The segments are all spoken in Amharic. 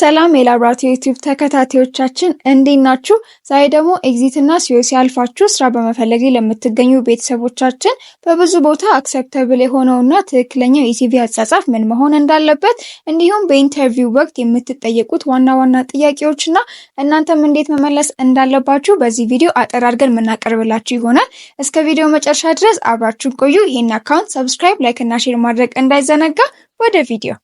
ሰላም የላብራቶሪ ዩቲዩብ ተከታታዮቻችን እንዴት ናችሁ? ዛሬ ደግሞ ኤግዚት እና ሲዮሲ አልፋችሁ ስራ በመፈለግ ለምትገኙ ቤተሰቦቻችን በብዙ ቦታ አክሰፕተብል የሆነውና ትክክለኛው የሲቪ አጻጻፍ ምን መሆን እንዳለበት እንዲሁም በኢንተርቪው ወቅት የምትጠየቁት ዋና ዋና ጥያቄዎችና እናንተም እንዴት መመለስ እንዳለባችሁ በዚህ ቪዲዮ አጠር አድርገን የምናቀርብላችሁ ይሆናል። እስከ ቪዲዮ መጨረሻ ድረስ አብራችሁን ቆዩ። ይሄን አካውንት ሰብስክራይብ፣ ላይክ እና ሼር ማድረግ እንዳይዘነጋ። ወደ ቪዲዮ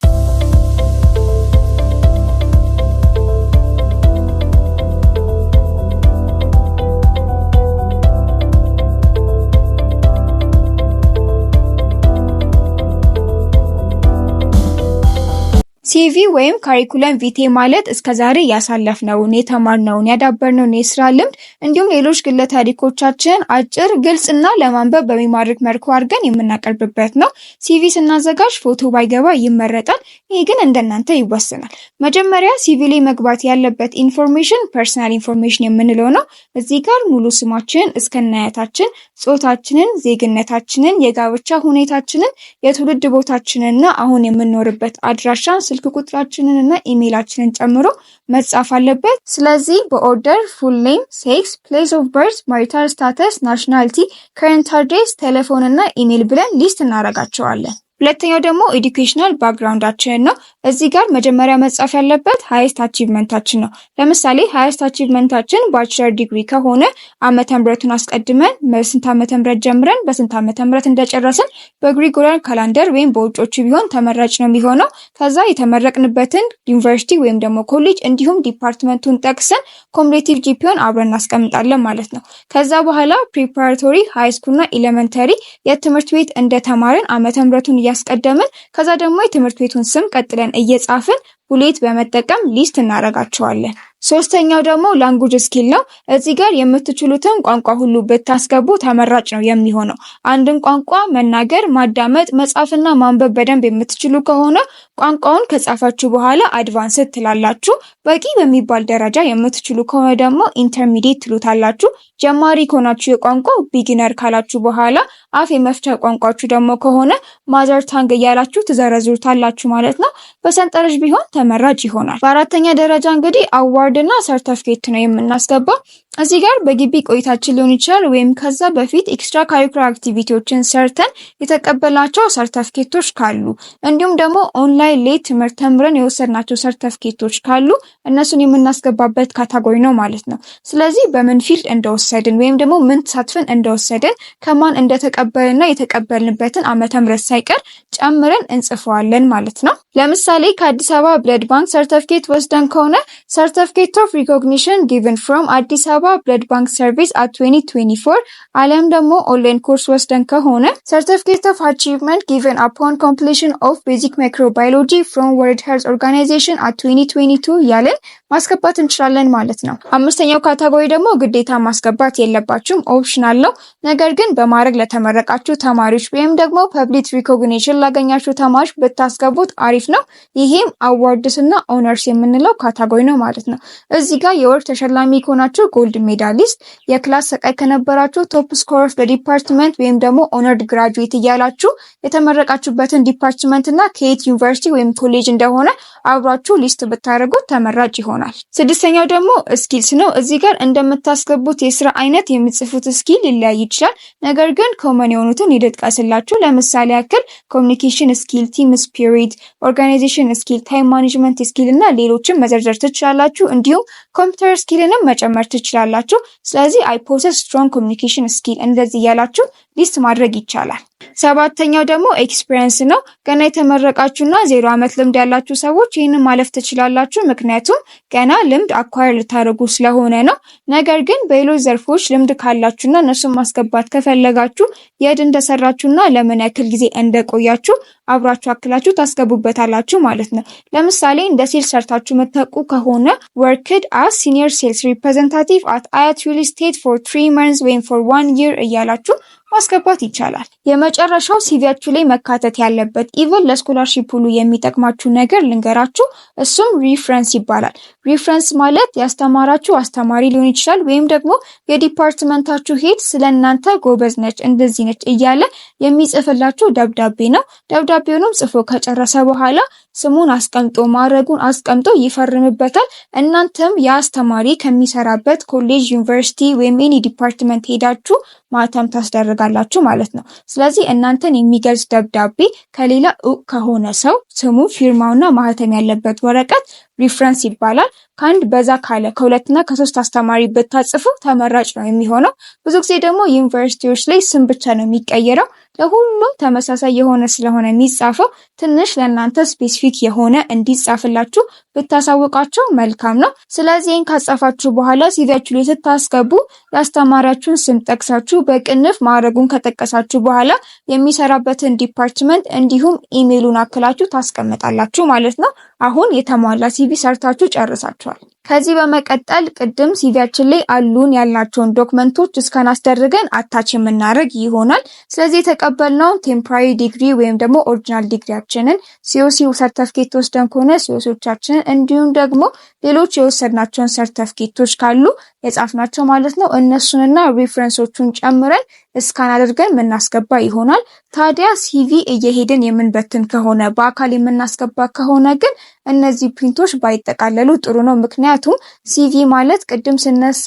ሲቪ ወይም ካሪኩለም ቪቴ ማለት እስከ ዛሬ ያሳለፍነውን የተማርነውን ያዳበርነውን የስራ ልምድ እንዲሁም ሌሎች ግለ ታሪኮቻችን አጭር፣ ግልጽና ለማንበብ በሚማርክ መልኩ አድርገን የምናቀርብበት ነው። ሲቪ ስናዘጋጅ ፎቶ ባይገባ ይመረጣል። ይህ ግን እንደናንተ ይወሰናል መጀመሪያ ሲቪ ላይ መግባት ያለበት ኢንፎርሜሽን ፐርሰናል ኢንፎርሜሽን የምንለው ነው። እዚህ ጋር ሙሉ ስማችን እስከናያታችን፣ ጾታችንን፣ ዜግነታችንን፣ የጋብቻ ሁኔታችንን፣ የትውልድ ቦታችንንና አሁን የምንኖርበት አድራሻን ስልክ ቁጥራችንን እና ኢሜይላችንን ጨምሮ መጻፍ አለበት። ስለዚህ በኦርደር ፉል ኔም፣ ሴክስ፣ ፕሌስ ኦፍ በርዝ፣ ማሪታል ስታተስ፣ ናሽናሊቲ፣ ከረንት አድሬስ፣ ቴሌፎን እና ኢሜይል ብለን ሊስት እናደርጋቸዋለን። ሁለተኛው ደግሞ ኤዱኬሽናል ባክግራውንዳችንን ነው። እዚህ ጋር መጀመሪያ መጻፍ ያለበት ሀይስት አቺቭመንታችን ነው። ለምሳሌ ሀይስት አቺቭመንታችን ባችለር ዲግሪ ከሆነ ዓመተ ምሕረቱን አስቀድመን በስንት ዓመተ ምሕረት ጀምረን በስንት ዓመተ ምሕረት እንደጨረስን በግሪጎሪያን ካላንደር ወይም በውጮቹ ቢሆን ተመራጭ ነው የሚሆነው። ከዛ የተመረቅንበትን ዩኒቨርሲቲ ወይም ደግሞ ኮሌጅ እንዲሁም ዲፓርትመንቱን ጠቅሰን ኮምፕሌቲቭ ጂፒውን አብረን እናስቀምጣለን ማለት ነው። ከዛ በኋላ ፕሪፓራቶሪ ሃይስኩልና ኤሌመንተሪ የትምህርት ቤት እንደተማርን ዓመተ ምሕረቱን እያስቀደምን ከዛ ደግሞ የትምህርት ቤቱን ስም ቀጥለን እየጻፍን ቡሌት በመጠቀም ሊስት እናደርጋቸዋለን። ሶስተኛው ደግሞ ላንጉጅ ስኪል ነው። እዚህ ጋር የምትችሉትን ቋንቋ ሁሉ ብታስገቡ ተመራጭ ነው የሚሆነው። አንድን ቋንቋ መናገር፣ ማዳመጥ፣ መጻፍና ማንበብ በደንብ የምትችሉ ከሆነ ቋንቋውን ከጻፋችሁ በኋላ አድቫንስ ትላላችሁ። በቂ በሚባል ደረጃ የምትችሉ ከሆነ ደግሞ ኢንተርሚዲየት ትሉታላችሁ። ጀማሪ ከሆናችሁ የቋንቋው ቢግነር ካላችሁ በኋላ አፍ የመፍቻ ቋንቋችሁ ደግሞ ከሆነ ማዘር ታንግ እያላችሁ ትዘረዝሩታላችሁ ማለት ነው። በሰንጠረዥ ቢሆን ተመራጭ ይሆናል። በአራተኛ ደረጃ እንግዲህ አዋርድ እና ሰርተፍኬት ነው የምናስገባው። እዚህ ጋር በግቢ ቆይታችን ሊሆን ይችላል ወይም ከዛ በፊት ኤክስትራ ካሪኩላር አክቲቪቲዎችን ሰርተን የተቀበላቸው ሰርተፍኬቶች ካሉ እንዲሁም ደግሞ ኦንላይን ሌት ትምህርት ተምረን የወሰድናቸው ሰርተፍኬቶች ካሉ እነሱን የምናስገባበት ካታጎሪ ነው ማለት ነው። ስለዚህ በምን ፊልድ እንደወሰድን ወይም ደግሞ ምን ተሳትፈን እንደወሰድን ከማን እንደተቀበልና የተቀበልንበትን ዓመተ ምሕረት ሳይቀር ጨምረን እንጽፈዋለን ማለት ነው። ለምሳሌ ከአዲስ አበባ ብለድ ባንክ ሰርተፍኬት ወስደን ከሆነ ሰርተፍኬት ኦፍ ሪኮግኒሽን ጊቨን ፍሮም አዲስ አበባ ብለድ ባንክ ሰርቪስ አት 2024 አሊያም ደግሞ ኦንላይን ኮርስ ወስደን ከሆነ ሰርተፍኬት ኦፍ አቺቭመንት ጊቨን አፖን ኮምፕሊሽን ኦፍ ቤዚክ ማይክሮባዮሎጂ ፍሮም ወርልድ ሄልዝ ኦርጋናይዜሽን አት 2022 እያለን ማስገባት እንችላለን ማለት ነው። አምስተኛው ካታጎሪ ደግሞ ግዴታ ማስገባት የለባችሁም ኦፕሽናል ነው። ነገር ግን በማድረግ ለተመረቃችሁ ተማሪዎች ወይም ደግሞ ፐብሊክ ሪኮግኒሽን ላገኛችሁ ተማሪዎች ብታስገቡት አሪፍ ነው። ይሄም አዋርድስ እና ኦነርስ የምንለው ካታጎሪ ነው ማለት ነው። እዚህ ጋር የወርቅ ተሸላሚ ከሆናችሁ ጎልድ ሜዳሊስት፣ የክላስ ሰቃይ ከነበራችሁ ቶፕ ስኮረርስ በዲፓርትመንት ወይም ደግሞ ኦነርድ ግራጁዌት እያላችሁ የተመረቃችሁበትን ዲፓርትመንት እና ከየት ዩኒቨርሲቲ ወይም ኮሌጅ እንደሆነ አብራችሁ ሊስት ብታደርጉት ተመራጭ ይሆናል። ስድስተኛው ደግሞ ስኪልስ ነው። እዚህ ጋር እንደምታስገቡት የስራ አይነት የሚጽፉት ስኪል ሊለያይ ይችላል። ነገር ግን ኮመን የሆኑትን ይደጥቃስላችሁ። ለምሳሌ ያክል ኮሚኒኬሽን ስኪል፣ ቲም ስፒሪት፣ ኦርጋናይዜሽን ስኪል፣ ታይም ማኔጅመንት ስኪል እና ሌሎችን መዘርዘር ትችላላችሁ። እንዲሁም ኮምፒውተር ስኪልንም መጨመር ትችላላችሁ። ስለዚህ አይ ፖሰስ ስትሮንግ ኮሚኒኬሽን ስኪል እንደዚህ እያላችሁ ሊስት ማድረግ ይቻላል። ሰባተኛው ደግሞ ኤክስፒሪየንስ ነው። ገና የተመረቃችሁና ዜሮ ዓመት ልምድ ያላችሁ ሰዎች ይህንን ማለፍ ትችላላችሁ፣ ምክንያቱም ገና ልምድ አኳየር ልታደርጉ ስለሆነ ነው። ነገር ግን በሌሎች ዘርፎች ልምድ ካላችሁና እነሱን ማስገባት ከፈለጋችሁ የት እንደሰራችሁና ለምን ያክል ጊዜ እንደቆያችሁ አብራችሁ አክላችሁ ታስገቡበታላችሁ ማለት ነው። ለምሳሌ እንደ ሴልስ ሰርታችሁ መታቁ ከሆነ ወርክድ አስ ሲኒየር ሴልስ ሪፕሬዘንታቲቭ አት አያት ሪል ስቴት ፎር ትሪ መንዝ ወይም ፎር ዋን ይር እያላችሁ ማስገባት ይቻላል። የመጨረሻው ሲቪያችሁ ላይ መካተት ያለበት ኢቨን ለስኮላርሺፕ ሁሉ የሚጠቅማችሁ ነገር ልንገራችሁ። እሱም ሪፍረንስ ይባላል። ሪፍረንስ ማለት ያስተማራችሁ አስተማሪ ሊሆን ይችላል፣ ወይም ደግሞ የዲፓርትመንታችሁ ሄድ ስለ እናንተ ጎበዝ ነች እንደዚህ ነች እያለ የሚጽፍላችሁ ደብዳቤ ነው። ደብዳቤውንም ጽፎ ከጨረሰ በኋላ ስሙን አስቀምጦ ማዕረጉን አስቀምጦ ይፈርምበታል። እናንተም የአስተማሪ ከሚሰራበት ኮሌጅ፣ ዩኒቨርሲቲ ወይም ኤኒ ዲፓርትመንት ሄዳችሁ ማተም ታስደርጋላችሁ ማለት ነው። ስለዚህ እናንተን የሚገልጽ ደብዳቤ ከሌላ እውቅ ከሆነ ሰው ስሙ ፊርማውና ማህተም ያለበት ወረቀት ሪፍረንስ ይባላል። ከአንድ በዛ ካለ ከሁለትና ከሶስት አስተማሪ ብታጽፉ ተመራጭ ነው የሚሆነው። ብዙ ጊዜ ደግሞ ዩኒቨርሲቲዎች ላይ ስም ብቻ ነው የሚቀየረው። ለሁሉም ተመሳሳይ የሆነ ስለሆነ የሚጻፈው ትንሽ ለእናንተ ስፔሲፊክ የሆነ እንዲጻፍላችሁ ብታሳውቃቸው መልካም ነው። ስለዚህን ካጻፋችሁ በኋላ ሲቪያችሁ ላይ ስታስገቡ የአስተማሪያችሁን ስም ጠቅሳችሁ በቅንፍ ማዕረጉን ከጠቀሳችሁ በኋላ የሚሰራበትን ዲፓርትመንት እንዲሁም ኢሜሉን አክላችሁ ታስቀምጣላችሁ ማለት ነው። አሁን የተሟላ ሲቪ ሰርታችሁ ጨርሳችኋል ከዚህ በመቀጠል ቅድም ሲቪያችን ላይ አሉን ያልናቸውን ዶክመንቶች እስካን አስደርገን አታች የምናደርግ ይሆናል። ስለዚህ የተቀበልነውን ቴምፖራሪ ዲግሪ ወይም ደግሞ ኦሪጂናል ዲግሪያችንን ሲኦሲ ሰርተፍኬት ወስደን ከሆነ ሲኦሲዎቻችንን እንዲሁም ደግሞ ሌሎች የወሰድናቸውን ሰርተፍኬቶች ካሉ የጻፍናቸው ማለት ነው እነሱንና ሪፍረንሶቹን ጨምረን እስካን አድርገን የምናስገባ ይሆናል። ታዲያ ሲቪ እየሄድን የምንበትን ከሆነ በአካል የምናስገባ ከሆነ ግን እነዚህ ፕሪንቶች ባይጠቃለሉ ጥሩ ነው። ምክንያቱም ሲቪ ማለት ቅድም ስነሳ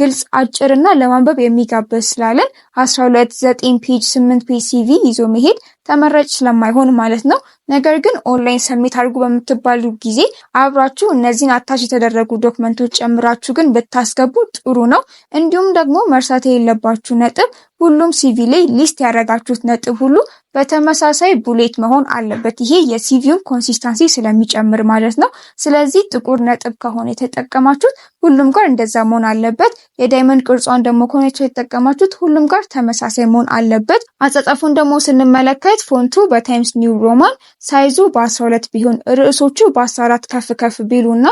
ግልጽ አጭርና ለማንበብ የሚጋበዝ ስላለን አስራ ሁለት ዘጠኝ ፔጅ ስምንት ፔጅ ሲቪ ይዞ መሄድ ተመራጭ ስለማይሆን ማለት ነው። ነገር ግን ኦንላይን ሰሜት አድርጉ በምትባሉ ጊዜ አብራችሁ እነዚህን አታች የተደረጉ ዶክመንቶች ጨምራችሁ ግን ብታስገቡ ጥሩ ነው። እንዲሁም ደግሞ መርሳት የሌለባችሁ ነጥብ ሁሉም ሲቪ ላይ ሊስት ያደረጋችሁት ነጥብ ሁሉ በተመሳሳይ ቡሌት መሆን አለበት። ይሄ የሲቪውን ኮንሲስታንሲ ስለሚጨምር ማለት ነው። ስለዚህ ጥቁር ነጥብ ከሆነ የተጠቀማችሁት ሁሉም ጋር እንደዛ መሆን አለበት። የዳይመንድ ቅርጿን ደግሞ ከሆነ የተጠቀማችሁት ሁሉም ጋር ተመሳሳይ መሆን አለበት። አጻጻፉን ደግሞ ስንመለከት መሰረት ፎንቱ በታይምስ ኒው ሮማን ሳይዙ በ12 ቢሆን ርዕሶቹ በ14 ከፍ ከፍ ቢሉ እና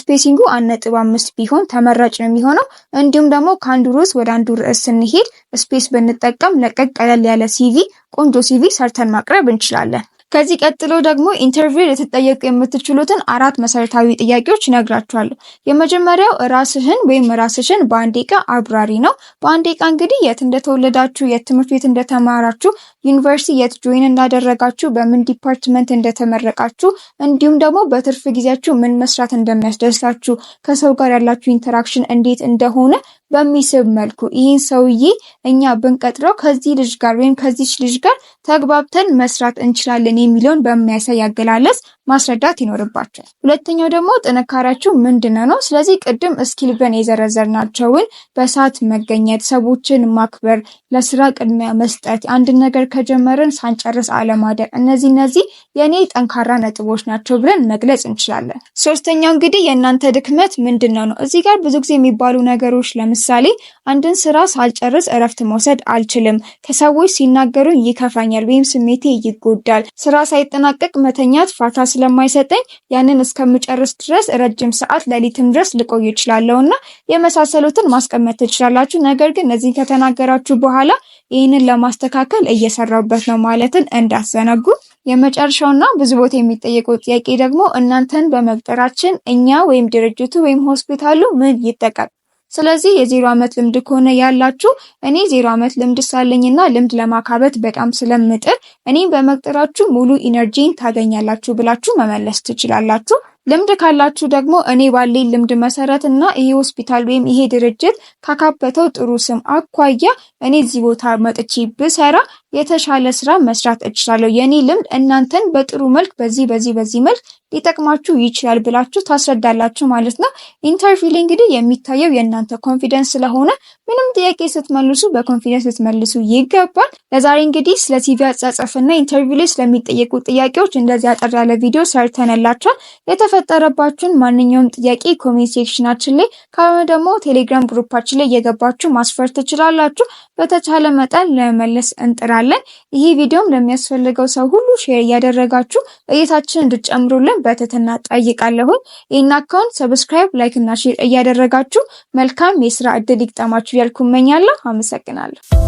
ስፔሲንጉ 1.5 ቢሆን ተመራጭ ነው የሚሆነው። እንዲሁም ደግሞ ከአንዱ ርዕስ ወደ አንዱ ርዕስ ስንሄድ ስፔስ ብንጠቀም ለቀቅ ቀለል ያለ ሲቪ ቆንጆ ሲቪ ሰርተን ማቅረብ እንችላለን። ከዚህ ቀጥሎ ደግሞ ኢንተርቪው ልትጠየቁ የምትችሉትን አራት መሰረታዊ ጥያቄዎች ነግራችኋለሁ። የመጀመሪያው ራስህን ወይም ራስሽን በአንድ ቃ አብራሪ ነው። በአንድ ቃ እንግዲህ የት እንደተወለዳችሁ፣ የት ትምህርት ቤት እንደተማራችሁ፣ ዩኒቨርሲቲ የት ጆይን እንዳደረጋችሁ፣ በምን ዲፓርትመንት እንደተመረቃችሁ፣ እንዲሁም ደግሞ በትርፍ ጊዜያችሁ ምን መስራት እንደሚያስደስታችሁ፣ ከሰው ጋር ያላችሁ ኢንተራክሽን እንዴት እንደሆነ በሚስብ መልኩ ይህን ሰውዬ እኛ ብንቀጥረው ከዚህ ልጅ ጋር ወይም ከዚች ልጅ ጋር ተግባብተን መስራት እንችላለን የሚለውን በሚያሳይ አገላለጽ ማስረዳት ይኖርባቸዋል። ሁለተኛው ደግሞ ጥንካሬያችሁ ምንድን ነው? ስለዚህ ቅድም እስኪል የዘረዘርናቸውን በሰዓት መገኘት፣ ሰዎችን ማክበር፣ ለስራ ቅድሚያ መስጠት፣ አንድ ነገር ከጀመርን ሳንጨርስ አለማደር፣ እነዚህ እነዚህ የእኔ ጠንካራ ነጥቦች ናቸው ብለን መግለጽ እንችላለን። ሶስተኛው እንግዲህ የእናንተ ድክመት ምንድን ነው ነው። እዚህ ጋር ብዙ ጊዜ የሚባሉ ነገሮች ለምሳሌ አንድን ስራ ሳልጨርስ እረፍት መውሰድ አልችልም፣ ከሰዎች ሲናገሩኝ ይከፋኛል ይጎዳኛል ወይም ስሜቴ ይጎዳል። ስራ ሳይጠናቀቅ መተኛት ፋታ ስለማይሰጠኝ ያንን እስከምጨርስ ድረስ ረጅም ሰዓት ሌሊትም ድረስ ልቆይ እችላለሁ እና የመሳሰሉትን ማስቀመጥ ትችላላችሁ። ነገር ግን እነዚህን ከተናገራችሁ በኋላ ይህንን ለማስተካከል እየሰራሁበት ነው ማለትን እንዳትዘነጉ። የመጨረሻውና ብዙ ቦታ የሚጠየቀው ጥያቄ ደግሞ እናንተን በመቅጠራችን እኛ ወይም ድርጅቱ ወይም ሆስፒታሉ ምን ይጠቀም ስለዚህ የዜሮ ዓመት ልምድ ከሆነ ያላችሁ እኔ ዜሮ ዓመት ልምድ ሳለኝና ልምድ ለማካበት በጣም ስለምጥር እኔም በመቅጠራችሁ ሙሉ ኢነርጂን ታገኛላችሁ ብላችሁ መመለስ ትችላላችሁ። ልምድ ካላችሁ ደግሞ እኔ ባለኝ ልምድ መሰረት እና ይሄ ሆስፒታል ወይም ይሄ ድርጅት ካካበተው ጥሩ ስም አኳያ እኔ እዚህ ቦታ መጥቼ ብሰራ የተሻለ ስራ መስራት እችላለሁ። የእኔ ልምድ እናንተን በጥሩ መልክ በዚህ በዚህ በዚህ መልክ ሊጠቅማችሁ ይችላል ብላችሁ ታስረዳላችሁ ማለት ነው። ኢንተርቪው ላይ እንግዲህ የሚታየው የእናንተ ኮንፊደንስ ስለሆነ ምንም ጥያቄ ስትመልሱ በኮንፊደንስ ልትመልሱ ይገባል። ለዛሬ እንግዲህ ስለ ሲቪ አጻጻፍና ኢንተርቪው ላይ ስለሚጠየቁ ጥያቄዎች እንደዚህ አጠር ያለ ቪዲዮ ሰርተንላችኋል። የተፈጠረባችሁን ማንኛውም ጥያቄ ኮሜንት ሴክሽናችን ላይ ካልሆነ ደግሞ ቴሌግራም ግሩፓችን ላይ እየገባችሁ ማስፈር ትችላላችሁ። በተቻለ መጠን ለመመለስ እንጥራለን። ይህ ቪዲዮም ለሚያስፈልገው ሰው ሁሉ ሼር እያደረጋችሁ እይታችን እንድጨምሩልን በትህትና ጠይቃለሁኝ። ይህን አካውንት ሰብስክራይብ፣ ላይክ እና ሼር እያደረጋችሁ መልካም የስራ እድል ይግጠማችሁ ያልኩ እመኛለሁ። አመሰግናለሁ።